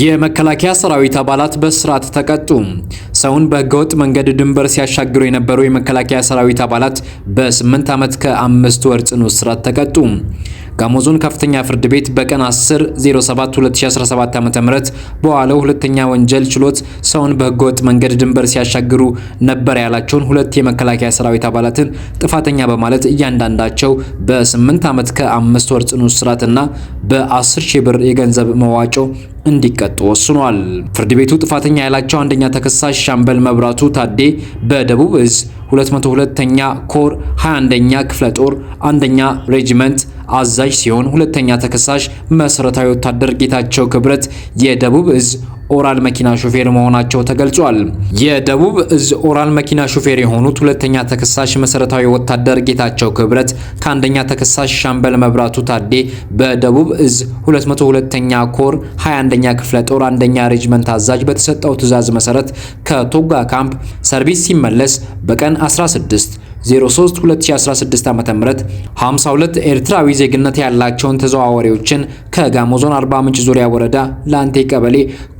የመከላከያ ሰራዊት አባላት በስርዓት ተቀጡ። ሰውን በህገወጥ መንገድ ድንበር ሲያሻግሩ የነበሩ የመከላከያ ሰራዊት አባላት በ8 ዓመት ከአምስት ወር ጽኑ እስራት ተቀጡ። ጋሞ ዞን ከፍተኛ ፍርድ ቤት በቀን 10 07 2017 ዓ.ም በዋለው ሁለተኛ ወንጀል ችሎት ሰውን በህገወጥ መንገድ ድንበር ሲያሻግሩ ነበር ያላቸውን ሁለት የመከላከያ ሰራዊት አባላትን ጥፋተኛ በማለት እያንዳንዳቸው በ8 ዓመት ከ5 ወር ጽኑ እስራትና በ10 ሺህ ብር የገንዘብ መዋጮ እንዲቀጡ ወስኗል። ፍርድ ቤቱ ጥፋተኛ ያላቸው አንደኛ ተከሳሽ ሻምበል መብራቱ ታዴ በደቡብ እዝ 202ኛ ኮር 21ኛ ክፍለ ጦር አንደኛ ሬጂመንት አዛዥ ሲሆን ሁለተኛ ተከሳሽ መሰረታዊ ወታደር ጌታቸው ክብረት የደቡብ እዝ ኦራል መኪና ሹፌር መሆናቸው ተገልጿል። የደቡብ እዝ ኦራል መኪና ሹፌር የሆኑት ሁለተኛ ተከሳሽ መሰረታዊ ወታደር ጌታቸው ክብረት ከአንደኛ ተከሳሽ ሻምበል መብራቱ ታዴ በደቡብ እዝ 202ኛ ኮር 21ኛ ክፍለ ጦር አንደኛ ሬጅመንት አዛዥ በተሰጠው ትዕዛዝ መሰረት ከቶጋ ካምፕ ሰርቪስ ሲመለስ በቀን 16 03 2016 ዓ.ም 52 ኤርትራዊ ዜግነት ያላቸውን ተዘዋዋሪዎችን ከጋሞ ዞን አርባ ምንጭ ዙሪያ ወረዳ ላንቴ ቀበሌ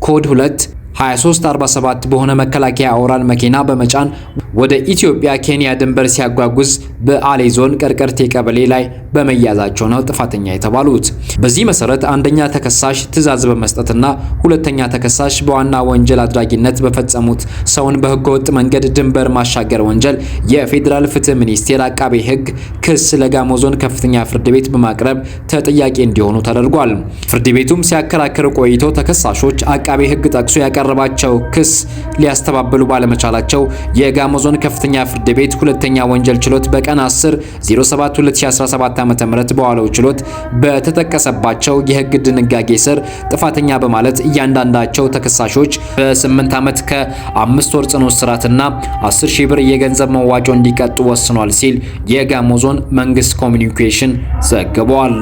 ኮድ 2 2347 በሆነ መከላከያ አውራን መኪና በመጫን ወደ ኢትዮጵያ ኬንያ ድንበር ሲያጓጉዝ በአሌ ዞን ቀርቀርቴ ቀበሌ ላይ በመያዛቸው ነው ጥፋተኛ የተባሉት። በዚህ መሰረት አንደኛ ተከሳሽ ትዕዛዝ በመስጠትና ሁለተኛ ተከሳሽ በዋና ወንጀል አድራጊነት በፈጸሙት ሰውን በህገወጥ መንገድ ድንበር ማሻገር ወንጀል የፌዴራል ፍትህ ሚኒስቴር አቃቤ ህግ ክስ ለጋሞ ዞን ከፍተኛ ፍርድ ቤት በማቅረብ ተጠያቂ እንዲሆኑ ተደርጓል። ፍርድ ቤቱም ሲያከራክር ቆይቶ ተከሳሾች አቃቤ ህግ ጠቅሶ ያቀረ የቀረባቸው ክስ ሊያስተባብሉ ባለመቻላቸው የጋሞ ዞን ከፍተኛ ፍርድ ቤት ሁለተኛ ወንጀል ችሎት በቀን 10 07 2017 ዓ.ም በዋለው ችሎት በተጠቀሰባቸው የህግ ድንጋጌ ስር ጥፋተኛ በማለት እያንዳንዳቸው ተከሳሾች በ8 ዓመት ከ5 ወር ጽኑ እስራትና 10 ሺህ ብር የገንዘብ መዋጮ እንዲቀጡ ወስኗል ሲል የጋሞ ዞን መንግስት ኮሚኒኬሽን ዘግቧል።